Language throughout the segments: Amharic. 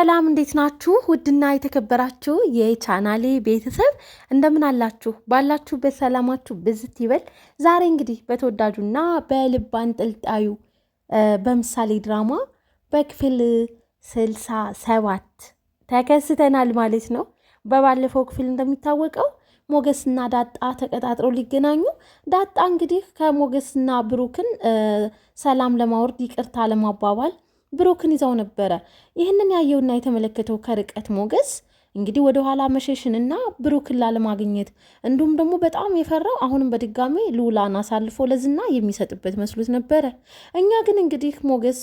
ሰላም እንዴት ናችሁ? ውድና የተከበራችሁ የቻናሌ ቤተሰብ እንደምን አላችሁ? ባላችሁበት ሰላማችሁ ብዝት ይበል። ዛሬ እንግዲህ በተወዳጁና በልብ አንጠልጣዩ በምሳሌ ድራማ በክፍል ስልሳ ሰባት ተከስተናል ማለት ነው። በባለፈው ክፍል እንደሚታወቀው ሞገስና ዳጣ ተቀጣጥረው ሊገናኙ ዳጣ እንግዲህ ከሞገስና ብሩክን ሰላም ለማውረድ ይቅርታ ለማባባል ብሩክን ይዘው ነበረ። ይህንን ያየውና የተመለከተው ከርቀት ሞገስ እንግዲህ ወደ ኋላ መሸሽንና ብሩክን ላለማግኘት እንዲሁም ደግሞ በጣም የፈራው አሁንም በድጋሚ ልውላን አሳልፎ ለዝና የሚሰጥበት መስሎት ነበረ። እኛ ግን እንግዲህ ሞገስ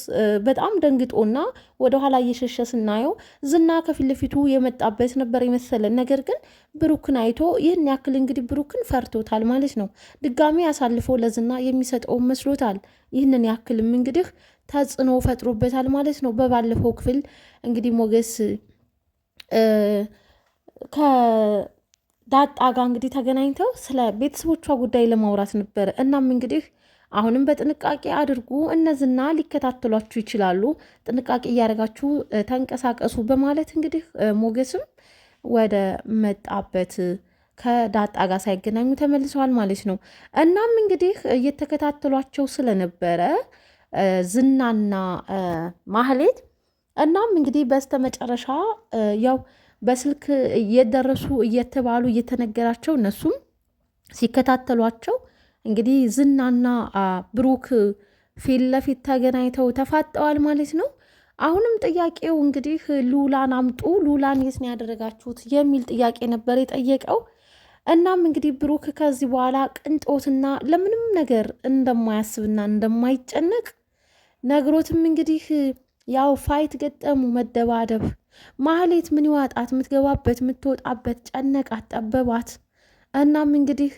በጣም ደንግጦና ወደ ኋላ እየሸሸ ስናየው ዝና ከፊት ለፊቱ የመጣበት ነበር የመሰለን። ነገር ግን ብሩክን አይቶ ይህን ያክል እንግዲህ ብሩክን ፈርቶታል ማለት ነው። ድጋሚ አሳልፎ ለዝና የሚሰጠውን መስሎታል። ይህንን ያክልም እንግዲህ ተጽዕኖ ፈጥሮበታል ማለት ነው። በባለፈው ክፍል እንግዲህ ሞገስ ከዳጣ ጋር እንግዲህ ተገናኝተው ስለ ቤተሰቦቿ ጉዳይ ለማውራት ነበረ። እናም እንግዲህ አሁንም በጥንቃቄ አድርጉ፣ እነዝና ሊከታተሏችሁ ይችላሉ፣ ጥንቃቄ እያደረጋችሁ ተንቀሳቀሱ በማለት እንግዲህ ሞገስም ወደ መጣበት ከዳጣ ጋር ሳይገናኙ ተመልሰዋል ማለት ነው። እናም እንግዲህ እየተከታተሏቸው ስለነበረ ዝናና ማህሌት እናም እንግዲህ በስተመጨረሻ ያው በስልክ እየደረሱ እየተባሉ እየተነገራቸው እነሱም ሲከታተሏቸው እንግዲህ ዝናና ብሩክ ፊት ለፊት ተገናኝተው ተፋጠዋል ማለት ነው። አሁንም ጥያቄው እንግዲህ ሉላን አምጡ፣ ሉላን የት ነው ያደረጋችሁት የሚል ጥያቄ ነበር የጠየቀው። እናም እንግዲህ ብሩክ ከዚህ በኋላ ቅንጦትና ለምንም ነገር እንደማያስብና እንደማይጨነቅ ነግሮትም እንግዲህ ያው ፋይት ገጠሙ፣ መደባደብ። ማህሌት ምን ይዋጣት የምትገባበት የምትወጣበት ጨነቃት፣ ጠበባት። እናም እንግዲህ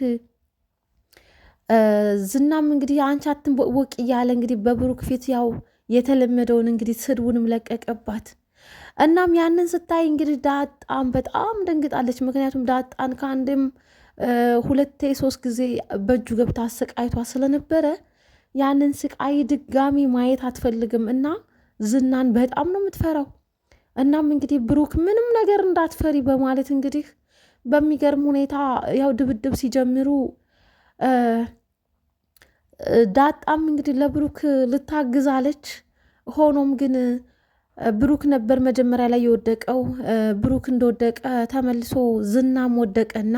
ዝናም እንግዲህ አንቺ አትንቦቅቦቅ እያለ እንግዲህ በብሩክ ፊት ያው የተለመደውን እንግዲህ ስድቡንም ለቀቀባት። እናም ያንን ስታይ እንግዲህ ዳጣን በጣም ደንግጣለች። ምክንያቱም ዳጣን ከአንድም ሁለቴ ሶስት ጊዜ በእጁ ገብታ አሰቃይቷ ስለነበረ ያንን ስቃይ ድጋሚ ማየት አትፈልግም እና ዝናን በጣም ነው የምትፈራው። እናም እንግዲህ ብሩክ ምንም ነገር እንዳትፈሪ በማለት እንግዲህ በሚገርም ሁኔታ ያው ድብድብ ሲጀምሩ ዳጣም እንግዲህ ለብሩክ ልታግዛለች። ሆኖም ግን ብሩክ ነበር መጀመሪያ ላይ የወደቀው። ብሩክ እንደወደቀ ተመልሶ ዝናም ወደቀና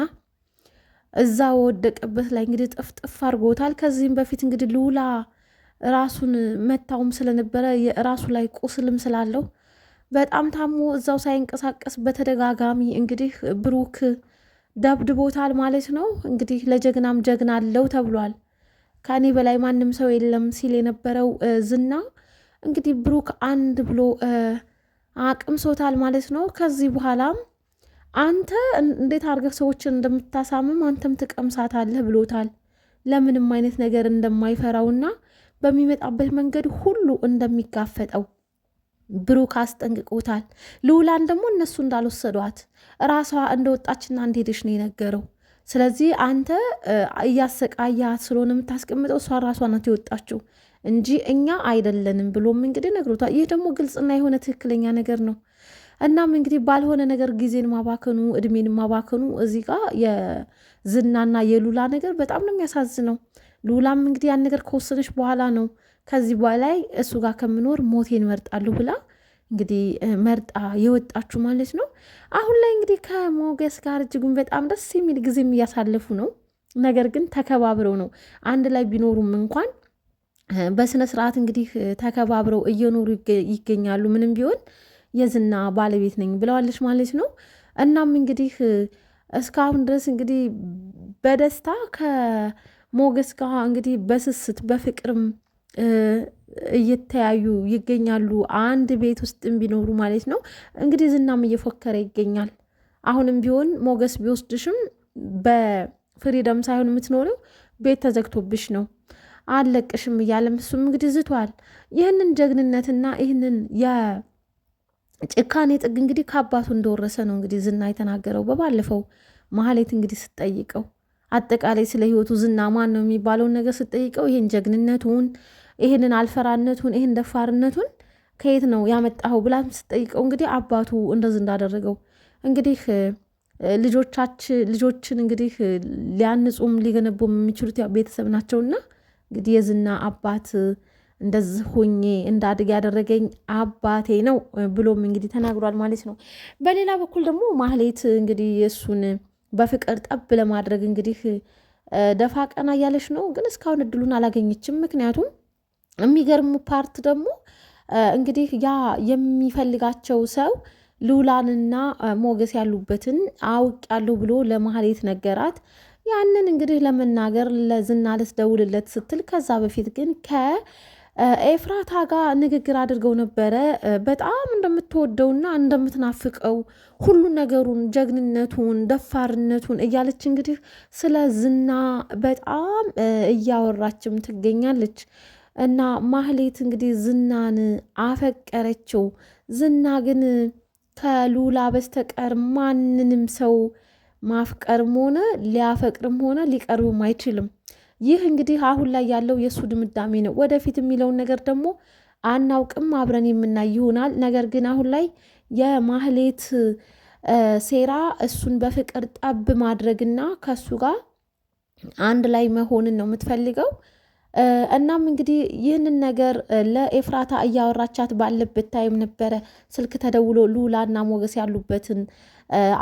እዛ ወደቀበት ላይ እንግዲህ ጥፍጥፍ አድርጎታል። ከዚህም በፊት እንግዲህ ልውላ ራሱን መታውም ስለነበረ የራሱ ላይ ቁስልም ስላለው በጣም ታሞ እዛው ሳይንቀሳቀስ በተደጋጋሚ እንግዲህ ብሩክ ደብድቦታል ማለት ነው። እንግዲህ ለጀግናም ጀግና አለው ተብሏል። ከእኔ በላይ ማንም ሰው የለም ሲል የነበረው ዝና እንግዲህ ብሩክ አንድ ብሎ አቅምሶታል ማለት ነው። ከዚህ በኋላም አንተ እንዴት አድርገህ ሰዎችን እንደምታሳምም አንተም ትቀምሳታለህ ብሎታል። ለምንም አይነት ነገር እንደማይፈራውና በሚመጣበት መንገድ ሁሉ እንደሚጋፈጠው ብሩክ አስጠንቅቆታል። ልውላን ደግሞ እነሱ እንዳልወሰዷት ራሷ እንደወጣችና እንደሄደች ነው የነገረው። ስለዚህ አንተ እያሰቃያት ስለሆነ የምታስቀምጠው እሷ ራሷ ናት የወጣችው እንጂ እኛ አይደለንም ብሎም እንግዲህ ነግሮታል። ይህ ደግሞ ግልጽና የሆነ ትክክለኛ ነገር ነው። እናም እንግዲህ ባልሆነ ነገር ጊዜን ማባከኑ እድሜን ማባከኑ እዚህ ጋ የዝናና የሉላ ነገር በጣም ነው የሚያሳዝነው። ሉላም እንግዲህ ያን ነገር ከወሰነች በኋላ ነው ከዚህ በላይ እሱ ጋር ከምኖር ሞቴን መርጣለሁ ብላ እንግዲህ መርጣ የወጣችሁ ማለት ነው። አሁን ላይ እንግዲህ ከሞገስ ጋር እጅጉን በጣም ደስ የሚል ጊዜም እያሳለፉ ነው። ነገር ግን ተከባብረው ነው አንድ ላይ ቢኖሩም እንኳን በስነ ስርዓት እንግዲህ ተከባብረው እየኖሩ ይገኛሉ ምንም ቢሆን የዝና ባለቤት ነኝ ብለዋለች ማለት ነው። እናም እንግዲህ እስካሁን ድረስ እንግዲህ በደስታ ከሞገስ ጋር እንግዲህ በስስት በፍቅርም እየተያዩ ይገኛሉ። አንድ ቤት ውስጥ ቢኖሩ ማለት ነው። እንግዲህ ዝናም እየፎከረ ይገኛል። አሁንም ቢሆን ሞገስ ቢወስድሽም በፍሪደም ሳይሆን የምትኖሪው ቤት ተዘግቶብሽ ነው አለቅሽም እያለም እሱም እንግዲህ ዝቷል። ይህንን ጀግንነትና ይህንን ጭካኔ ጥግ እንግዲህ ከአባቱ እንደወረሰ ነው እንግዲህ ዝና የተናገረው። በባለፈው መሀሌት እንግዲህ ስትጠይቀው አጠቃላይ ስለ ህይወቱ ዝና ማን ነው የሚባለውን ነገር ስጠይቀው ይህን ጀግንነቱን፣ ይህንን አልፈራነቱን፣ ይህን ደፋርነቱን ከየት ነው ያመጣኸው ብላ ስጠይቀው እንግዲህ አባቱ እንደዚህ እንዳደረገው እንግዲህ ልጆችን እንግዲህ ሊያንጹም ሊገነቡም የሚችሉት ቤተሰብ ናቸውና እንግዲህ የዝና አባት እንደዚህ ሁኜ እንዳድግ ያደረገኝ አባቴ ነው ብሎም እንግዲህ ተናግሯል ማለት ነው። በሌላ በኩል ደግሞ ማህሌት እንግዲህ የእሱን በፍቅር ጠብ ለማድረግ እንግዲህ ደፋ ቀና እያለች ነው፣ ግን እስካሁን እድሉን አላገኘችም። ምክንያቱም የሚገርሙ ፓርት ደግሞ እንግዲህ ያ የሚፈልጋቸው ሰው ልውላንና ሞገስ ያሉበትን አውቄያለሁ ብሎ ለማህሌት ነገራት። ያንን እንግዲህ ለመናገር ለዝና ልትደውልለት ስትል ከዛ በፊት ግን ከ ኤፍራታ ጋር ንግግር አድርገው ነበረ። በጣም እንደምትወደውና እንደምትናፍቀው ሁሉ ነገሩን፣ ጀግንነቱን፣ ደፋርነቱን እያለች እንግዲህ ስለ ዝና በጣም እያወራችም ትገኛለች። እና ማህሌት እንግዲህ ዝናን አፈቀረችው። ዝና ግን ከሉላ በስተቀር ማንንም ሰው ማፍቀርም ሆነ ሊያፈቅርም ሆነ ሊቀርብም አይችልም። ይህ እንግዲህ አሁን ላይ ያለው የእሱ ድምዳሜ ነው። ወደፊት የሚለውን ነገር ደግሞ አናውቅም፣ አብረን የምናይ ይሆናል። ነገር ግን አሁን ላይ የማህሌት ሴራ እሱን በፍቅር ጠብ ማድረግና ከሱ ጋር አንድ ላይ መሆንን ነው የምትፈልገው። እናም እንግዲህ ይህንን ነገር ለኤፍራታ እያወራቻት ባለበት ታይም ነበረ ስልክ ተደውሎ ሉላ እና ሞገስ ያሉበትን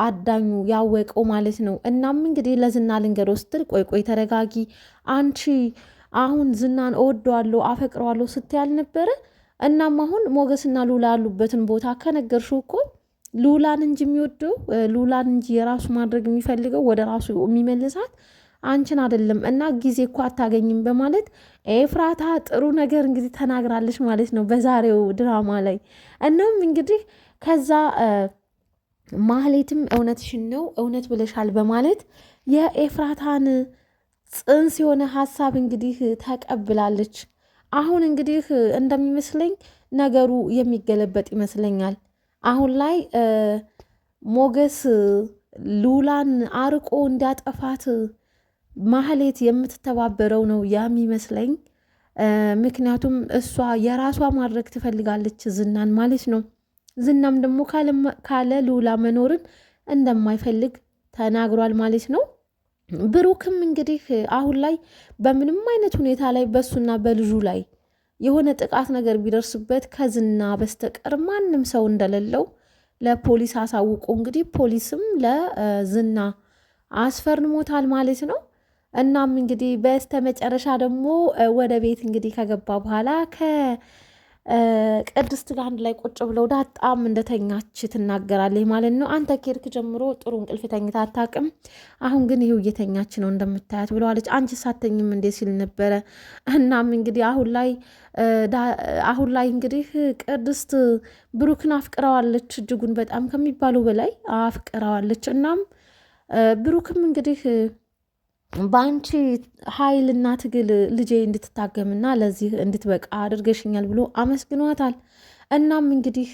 አዳኙ ያወቀው ማለት ነው። እናም እንግዲህ ለዝና ልንገሮ ስትል ቆይ ቆይ ተረጋጊ፣ አንቺ አሁን ዝናን እወደዋለሁ አፈቅረዋለሁ ስትይ አልነበረ? እናም አሁን ሞገስና ሉላ ያሉበትን ቦታ ከነገርሽው እኮ ሉላን እንጂ የሚወደው ሉላን እንጂ የራሱ ማድረግ የሚፈልገው ወደ ራሱ የሚመልሳት አንቺን አይደለም። እና ጊዜ እኮ አታገኝም በማለት ኤፍራታ ጥሩ ነገር እንግዲህ ተናግራለች ማለት ነው በዛሬው ድራማ ላይ። እናም እንግዲህ ከዛ ማህሌትም እውነትሽን ነው እውነት ብለሻል በማለት የኤፍራታን ጽንስ የሆነ ሀሳብ እንግዲህ ተቀብላለች። አሁን እንግዲህ እንደሚመስለኝ ነገሩ የሚገለበጥ ይመስለኛል። አሁን ላይ ሞገስ ሉላን አርቆ እንዳጠፋት ማህሌት የምትተባበረው ነው የሚመስለኝ። ምክንያቱም እሷ የራሷ ማድረግ ትፈልጋለች ዝናን ማለት ነው። ዝናም ደግሞ ካለ ልውላ መኖርን እንደማይፈልግ ተናግሯል ማለት ነው። ብሩክም እንግዲህ አሁን ላይ በምንም አይነት ሁኔታ ላይ በሱና በልጁ ላይ የሆነ ጥቃት ነገር ቢደርስበት ከዝና በስተቀር ማንም ሰው እንደሌለው ለፖሊስ አሳውቆ እንግዲህ ፖሊስም ለዝና አስፈርሞታል ማለት ነው። እናም እንግዲህ በስተመጨረሻ ደግሞ ወደ ቤት እንግዲህ ከገባ በኋላ ቅድስት ጋር አንድ ላይ ቁጭ ብለው ዳጣም እንደተኛች ትናገራለች ማለት ነው። አንተ ኬርክ ጀምሮ ጥሩ እንቅልፍ ተኝታ አታውቅም፣ አሁን ግን ይኸው እየተኛች ነው እንደምታያት ብለዋለች። አንቺ ሳተኝም እንዴ ሲል ነበረ። እናም እንግዲህ አሁን ላይ አሁን ላይ እንግዲህ ቅድስት ብሩክን አፍቅረዋለች፣ እጅጉን በጣም ከሚባሉ በላይ አፍቅረዋለች። እናም ብሩክም እንግዲህ በአንቺ ኃይልና ትግል ልጄ እንድትታገምና ለዚህ እንድትበቃ አድርገሽኛል ብሎ አመስግኗታል። እናም እንግዲህ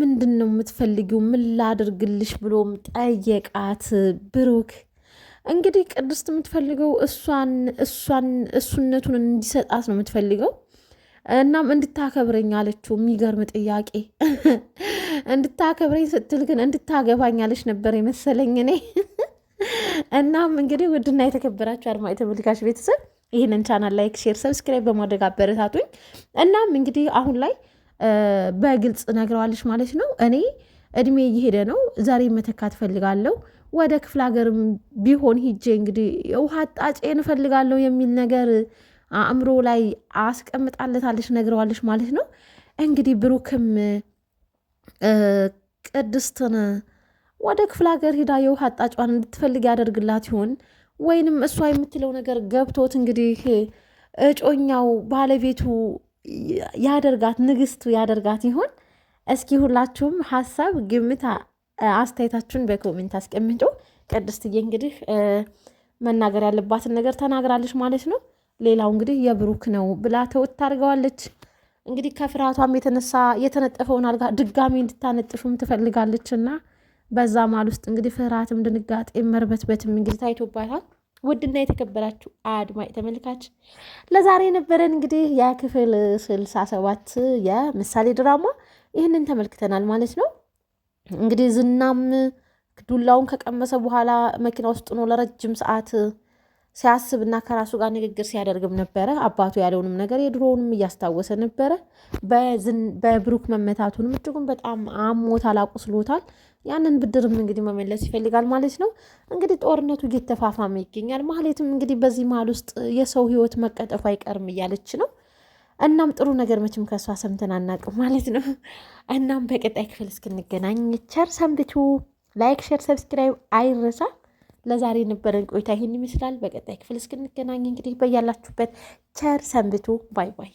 ምንድን ነው የምትፈልጊው? ምን ላድርግልሽ? ብሎም ጠየቃት ብሩክ። እንግዲህ ቅድስት የምትፈልገው እሷን እሷን እሱነቱን እንዲሰጣት ነው የምትፈልገው። እናም እንድታከብረኝ አለችው። የሚገርም ጥያቄ። እንድታከብረኝ ስትል ግን እንድታገባኝ አለች ነበር የመሰለኝ እኔ እናም እንግዲህ ውድና የተከበራችሁ አድማጭ ተመልካች ቤተሰብ ይህንን ቻናል ላይክ፣ ሼር፣ ሰብስክራይብ በማድረግ አበረታቱኝ። እናም እንግዲህ አሁን ላይ በግልጽ ነግረዋለች ማለት ነው። እኔ እድሜ እየሄደ ነው፣ ዛሬ መተካት እፈልጋለሁ። ወደ ክፍለ ሀገርም ቢሆን ሂጄ እንግዲህ ውሃ ጣጬ እንፈልጋለሁ የሚል ነገር አእምሮ ላይ አስቀምጣለታለች፣ ነግረዋለች ማለት ነው። እንግዲህ ብሩክም ቅድስትን ወደ ክፍለ ሀገር ሂዳ የውሃ አጣጯን እንድትፈልግ ያደርግላት ይሆን? ወይንም እሷ የምትለው ነገር ገብቶት እንግዲህ እጮኛው ባለቤቱ ያደርጋት ንግስቱ ያደርጋት ይሆን? እስኪ ሁላችሁም ሀሳብ፣ ግምት፣ አስተያየታችሁን በኮሜንት አስቀምጡ። ቅድስትዬ እንግዲህ መናገር ያለባትን ነገር ተናግራለች ማለት ነው። ሌላው እንግዲህ የብሩክ ነው ብላ ተውት ታርገዋለች። እንግዲህ ከፍርሃቷም የተነሳ የተነጠፈውን አልጋ ድጋሚ እንድታነጥፉም ትፈልጋለች እና በዛ ማል ውስጥ እንግዲህ ፍርሃትም ድንጋጤ መርበትበትም እንግዲህ ታይቶባታል። ውድና የተከበራችሁ አድማጭ ተመልካች ለዛሬ የነበረን እንግዲህ የክፍል ስልሳ ሰባት የምሳሌ ድራማ ይህንን ተመልክተናል ማለት ነው። እንግዲህ ዝናም ዱላውን ከቀመሰ በኋላ መኪና ውስጥ ነው ለረጅም ሰዓት ሲያስብና ከራሱ ጋር ንግግር ሲያደርግም ነበረ። አባቱ ያለውንም ነገር የድሮውንም እያስታወሰ ነበረ። በብሩክ መመታቱንም እጅጉን በጣም አሞታል፣ አቁስሎታል። ያንን ብድርም እንግዲህ መመለስ ይፈልጋል ማለት ነው። እንግዲህ ጦርነቱ እየተፋፋመ ይገኛል። ማህሌትም እንግዲህ በዚህ መሀል ውስጥ የሰው ህይወት መቀጠፉ አይቀርም እያለች ነው። እናም ጥሩ ነገር መቼም ከእሷ ሰምተን አናውቅም ማለት ነው። እናም በቀጣይ ክፍል እስክንገናኝ ቸር ሰንብቱ። ላይክ፣ ሸር፣ ሰብስክራይብ አይረሳ። ለዛሬ የነበረን ቆይታ ይህን ይመስላል። በቀጣይ ክፍል እስክንገናኝ እንግዲህ በያላችሁበት ቸር ሰንብቱ። ባይ ባይ።